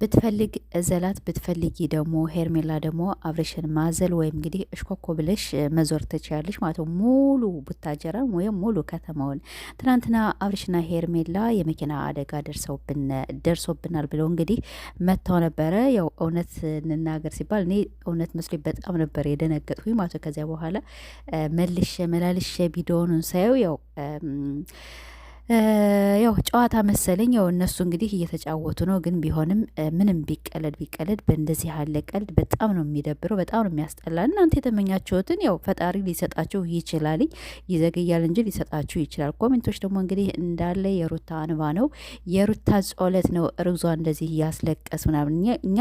ብትፈልግ እዘላት ብትፈልጊ ደግሞ ሄርሜላ ደግሞ አብሬሽን ማዘል ወይም እንግዲህ እሽኮኮ ብለሽ መዞር ትችላለሽ ማለት ነው። ሙሉ ቡታጀራን ወይም ሙሉ ከተማውን ትናንትና አብሬሽና ሄርሜላ የመኪና አደጋ ደርሶብናል ብለው እንግዲህ መጥተው ነበረ። ያው እውነት እንናገር ሲባል እኔ እውነት መስሎኝ በጣም ነበር የደነገጥኩ ማለት ከዚያ በኋላ መልሼ መላልሼ ቪዲዮውን ሳየው ያው ያው ጨዋታ መሰለኝ። ያው እነሱ እንግዲህ እየተጫወቱ ነው። ግን ቢሆንም ምንም ቢቀለድ ቢቀለድ በእንደዚህ ያለ ቀልድ በጣም ነው የሚደብረው፣ በጣም ነው የሚያስጠላ። እናንተ የተመኛችሁትን ያው ፈጣሪ ሊሰጣችሁ ይችላል ይዘገያል እንጂ ሊሰጣችሁ ይችላል። ኮሜንቶች ደግሞ እንግዲህ እንዳለ የሩታ እንባ ነው፣ የሩታ ጸሎት ነው ርግዟ እንደዚህ እያስለቀስ ምናምን እኛ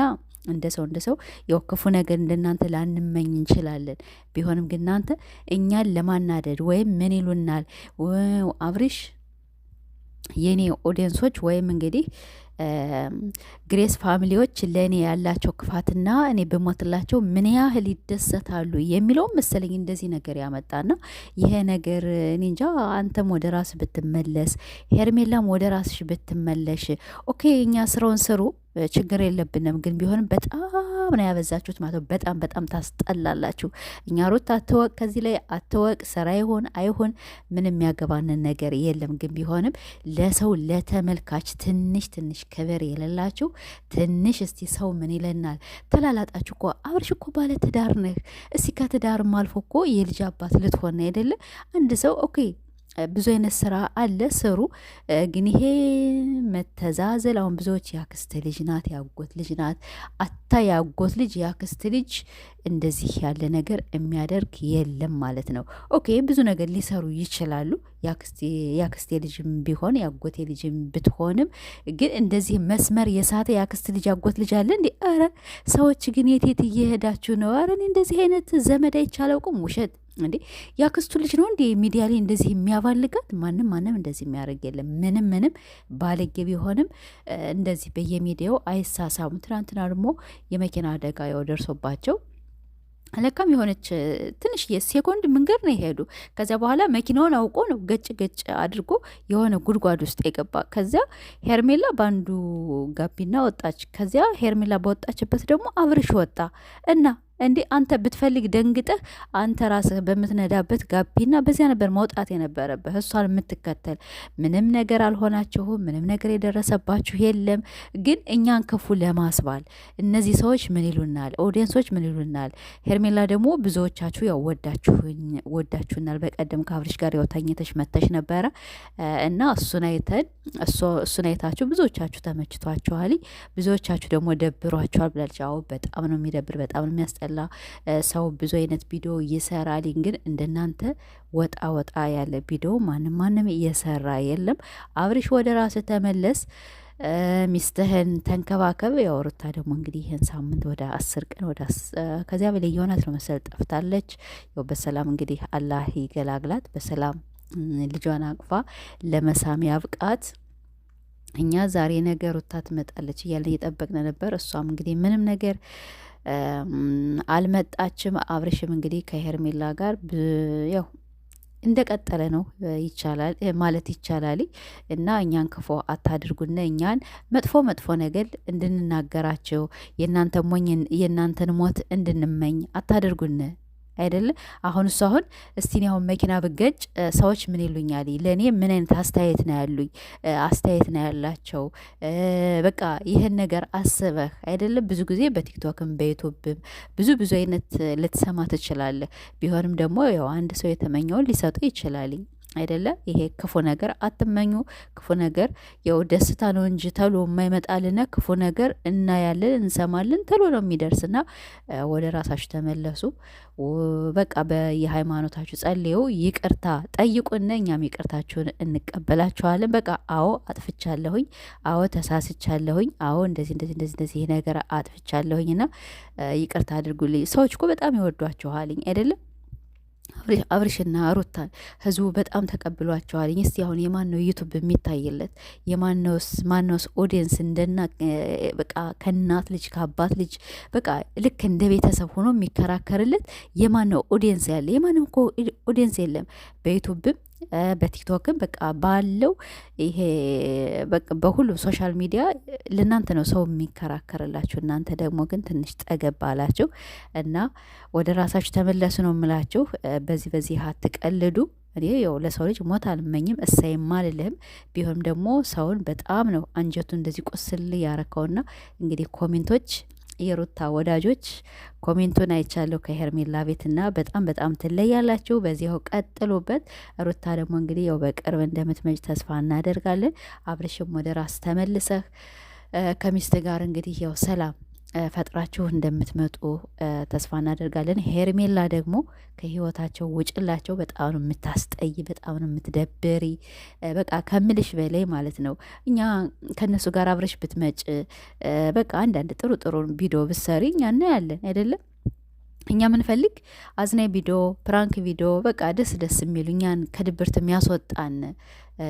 እንደ ሰው እንደ ሰው ያው ክፉ ነገር እንደናንተ ላንመኝ እንችላለን። ቢሆንም ግን እናንተ እኛን ለማናደድ ወይም ምን ይሉናል አብሪሽ የኔ ኦዲየንሶች ወይም እንግዲህ ግሬስ ፋሚሊዎች ለእኔ ያላቸው ክፋትና እኔ በሞትላቸው ምን ያህል ይደሰታሉ የሚለውም መሰለኝ እንደዚህ ነገር ያመጣና ይሄ ነገር እኔ እንጃ። አንተም ወደ ራስ ብትመለስ፣ ሄርሜላም ወደ ራስሽ ብትመለሽ። ኦኬ እኛ ስራውን ስሩ ችግር የለብንም። ግን ቢሆንም በጣም ነው ያበዛችሁት ማለት ነው። በጣም በጣም ታስጠላላችሁ። እኛ ሩት አትወቅ፣ ከዚህ ላይ አትወቅ፣ ስራ ይሆን አይሆን ምንም የሚያገባንን ነገር የለም። ግን ቢሆንም ለሰው ለተመልካች ትንሽ ትንሽ ክብር የሌላችሁ ትንሽ እስቲ ሰው ምን ይለናል ተላላጣችሁ እኮ አብርሽ እኮ ባለ ትዳር ነህ። እስቲ ከትዳር አልፎ እኮ የልጅ አባት ልትሆን አይደለ? አንድ ሰው ኦኬ ብዙ አይነት ስራ አለ ስሩ። ግን ይሄ መተዛዘል አሁን ብዙዎች ያክስት ልጅ ናት፣ ያጎት ልጅ ናት፣ አታ ያጎት ልጅ ያክስት ልጅ እንደዚህ ያለ ነገር የሚያደርግ የለም ማለት ነው። ኦኬ ብዙ ነገር ሊሰሩ ይችላሉ። የአክስቴ ልጅም ቢሆን የአጎቴ ልጅም ብትሆንም ግን እንደዚህ መስመር የሳተ የአክስት ልጅ አጎት ልጅ አለ እንዲ? ኧረ ሰዎች ግን የት የት እየሄዳችሁ ነው? ኧረ እኔ እንደዚህ አይነት ዘመድ አይቻለውቁም ውሸት እንዴ ያክስቱ ልጅ ነው እንዴ ሚዲያ ላይ እንደዚህ የሚያባልጋት? ማንም ማንም እንደዚህ የሚያደርግ የለም። ምንም ምንም ባለጌ ቢሆንም እንደዚህ በየሚዲያው አይሳሳሙ። ትናንትና ደግሞ የመኪና አደጋ ያው ደርሶባቸው ለካም የሆነች ትንሽ የሴኮንድ መንገድ ነው የሄዱ። ከዚያ በኋላ መኪናውን አውቆ ነው ገጭ ገጭ አድርጎ የሆነ ጉድጓድ ውስጥ የገባ። ከዚያ ሄርሜላ በአንዱ ጋቢና ወጣች። ከዚያ ሄርሜላ በወጣችበት ደግሞ አብርሽ ወጣ እና እንዴ አንተ ብትፈልግ ደንግጠህ አንተ ራስህ በምትነዳበት ጋቢና በዚያ ነበር መውጣት የነበረብህ። እሷን የምትከተል ምንም ነገር አልሆናችሁም፣ ምንም ነገር የደረሰባችሁ የለም። ግን እኛን ክፉ ለማስባል እነዚህ ሰዎች ምን ይሉናል፣ ኦዲየንሶች ምን ይሉናል። ሄርሜላ ደግሞ ብዙዎቻችሁ ያው ወዳችሁናል። በቀደም ከአብርሽ ጋር ያው ተኝተሽ መተሽ ነበረ እና እሱን አይተን እሱን አይታችሁ ብዙዎቻችሁ ተመችቷችኋል፣ ብዙዎቻችሁ ደግሞ ደብሯችኋል ብላለች። አዎ በጣም ነው የሚደብር፣ በጣም ነው የሚያስጠ የሚያስጠላ ሰው ብዙ አይነት ቪዲዮ ይሰራል። ግን እንደናንተ ወጣ ወጣ ያለ ቪዲዮ ማንም ማንም እየሰራ የለም። አብርሽ ወደ ራስ ተመለስ። ሚስትህን ተንከባከብ። ያው ሩታ ደግሞ እንግዲህ ይህን ሳምንት ወደ አስር ቀን ወደ ከዚያ በላይ የሆናት ነው መሰል ጠፍታለች። ያው በሰላም እንግዲህ አላህ ይገላግላት። በሰላም ልጇን አቅፋ ለመሳም ያብቃት። እኛ ዛሬ ነገር ሩታ ትመጣለች እያለ እየጠበቅን ነበር። እሷም እንግዲህ ምንም ነገር አልመጣችም። አብርሽም እንግዲህ ከሄርሜላ ጋር ያው እንደቀጠለ ነው ይቻላል ማለት ይቻላል። እና እኛን ክፎ አታድርጉና እኛን መጥፎ መጥፎ ነገር እንድንናገራቸው የእናንተ ሞኝ የእናንተን ሞት እንድንመኝ አታድርጉን። አይደለ አሁን እሱ አሁን እስቲ እኔ አሁን መኪና ብገጭ ሰዎች ምን ይሉኛል? ለእኔ ምን አይነት አስተያየት ነው ያሉኝ አስተያየት ነው ያላቸው? በቃ ይህን ነገር አስበህ አይደለም። ብዙ ጊዜ በቲክቶክም በዩቱብም ብዙ ብዙ አይነት ልትሰማ ትችላለህ። ቢሆንም ደግሞ ያው አንድ ሰው የተመኘውን ሊሰጡ ይችላልኝ አይደለ? ይሄ ክፉ ነገር አትመኙ። ክፉ ነገር ያው ደስታ ነው እንጂ ተሎ የማይመጣልና ክፉ ነገር እናያለን፣ እንሰማለን፣ ተሎ ነው የሚደርስና ወደ ራሳችሁ ተመለሱ። በቃ በየሃይማኖታችሁ ጸልዩ፣ ይቅርታ ጠይቁና እኛም ይቅርታችሁን እንቀበላችኋለን። በቃ አዎ አጥፍቻለሁኝ፣ አዎ ተሳስቻለሁኝ፣ አዎ እንደዚህ እንደዚህ እንደዚህ እንደዚህ ይሄ ነገር አጥፍቻለሁኝና ይቅርታ አድርጉልኝ። ሰዎች እኮ በጣም ይወዷችኋልኝ አይደለም አብርሽና ሩታን ህዝቡ በጣም ተቀብሏቸዋል። እስቲ አሁን ነው ዩቱብ የሚታይለት የማነውስ ማነውስ ኦዲየንስ እንደና በቃ ከእናት ልጅ ከአባት ልጅ በቃ ልክ እንደ ቤተሰብ ሆኖ የሚከራከርለት የማን ነው ኦዲየንስ ያለ የማንም እኮ ኦዲየንስ የለም በዩቱብም በቲክቶክም በቃ ባለው ይሄ በሁሉም ሶሻል ሚዲያ ለእናንተ ነው ሰው የሚከራከርላችሁ። እናንተ ደግሞ ግን ትንሽ ጠገብ አላችሁ እና ወደ ራሳችሁ ተመለሱ ነው የምላችሁ። በዚህ በዚህ አትቀልዱ። እኔ ያው ለሰው ልጅ ሞት አልመኝም፣ እሳይም አልልህም። ቢሆንም ደግሞ ሰውን በጣም ነው አንጀቱ እንደዚህ ቁስል ያረከውና እንግዲህ ኮሜንቶች የሩታ ወዳጆች ኮሜንቱን አይቻለሁ ከሄርሜላ ቤትና በጣም በጣም ትለያላችሁ። በዚያው ቀጥሎበት። ሩታ ደግሞ እንግዲህ ያው በቅርብ እንደምትመጭ ተስፋ እናደርጋለን። አብርሽም ወደ ራስ ተመልሰህ ከሚስት ጋር እንግዲህ ያው ሰላም ፈጥራችሁ እንደምትመጡ ተስፋ እናደርጋለን። ሄርሜላ ደግሞ ከህይወታቸው ውጭላቸው። በጣም ነው የምታስጠይ፣ በጣም ነው የምትደብሪ፣ በቃ ከምልሽ በላይ ማለት ነው። እኛ ከእነሱ ጋር አብረሽ ብትመጭ በቃ አንዳንድ ጥሩ ጥሩ ቪዲዮ ብትሰሪ እኛ እናያለን አይደለም እኛ ምንፈልግ አዝናይ ቪዲዮ፣ ፕራንክ ቪዲዮ፣ በቃ ደስ ደስ የሚሉ እኛን ከድብርት የሚያስወጣን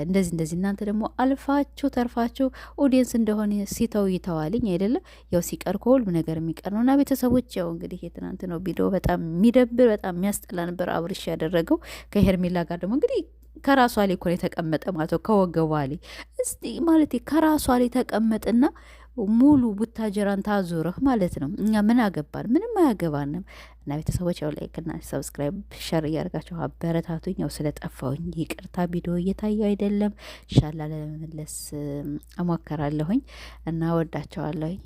እንደዚህ እንደዚህ። እናንተ ደግሞ አልፋችሁ ተርፋችሁ ኦዲየንስ እንደሆነ ሲተው ይተዋልኝ አይደለም። ያው ሲቀር ከሁሉ ነገር የሚቀር ነው እና ቤተሰቦች፣ ያው እንግዲህ የትናንት ነው ቪዲዮ በጣም የሚደብር በጣም የሚያስጠላ ነበር አብርሽ ያደረገው ከሄርሜላ ጋር ደግሞ እንግዲህ ከራሷ ላይ እኮ ነው የተቀመጠ ማለት ነው። ከወገቧ ላይ እስቲ ማለት ከራሷ ላይ ተቀመጥና ሙሉ ቡታጀራን ታዞረህ ማለት ነው። እኛ ምን አገባን? ምንም አያገባንም። እና ቤተሰቦች ያው ላይክና ሰብስክራይብ ሸር እያደርጋቸው አበረታቱኝ። ያው ስለጠፋውኝ ይቅርታ፣ ቪዲዮ እየታየው አይደለም። ሻላ ለመመለስ እሞከራለሁኝ እና ወዳቸዋለሁኝ።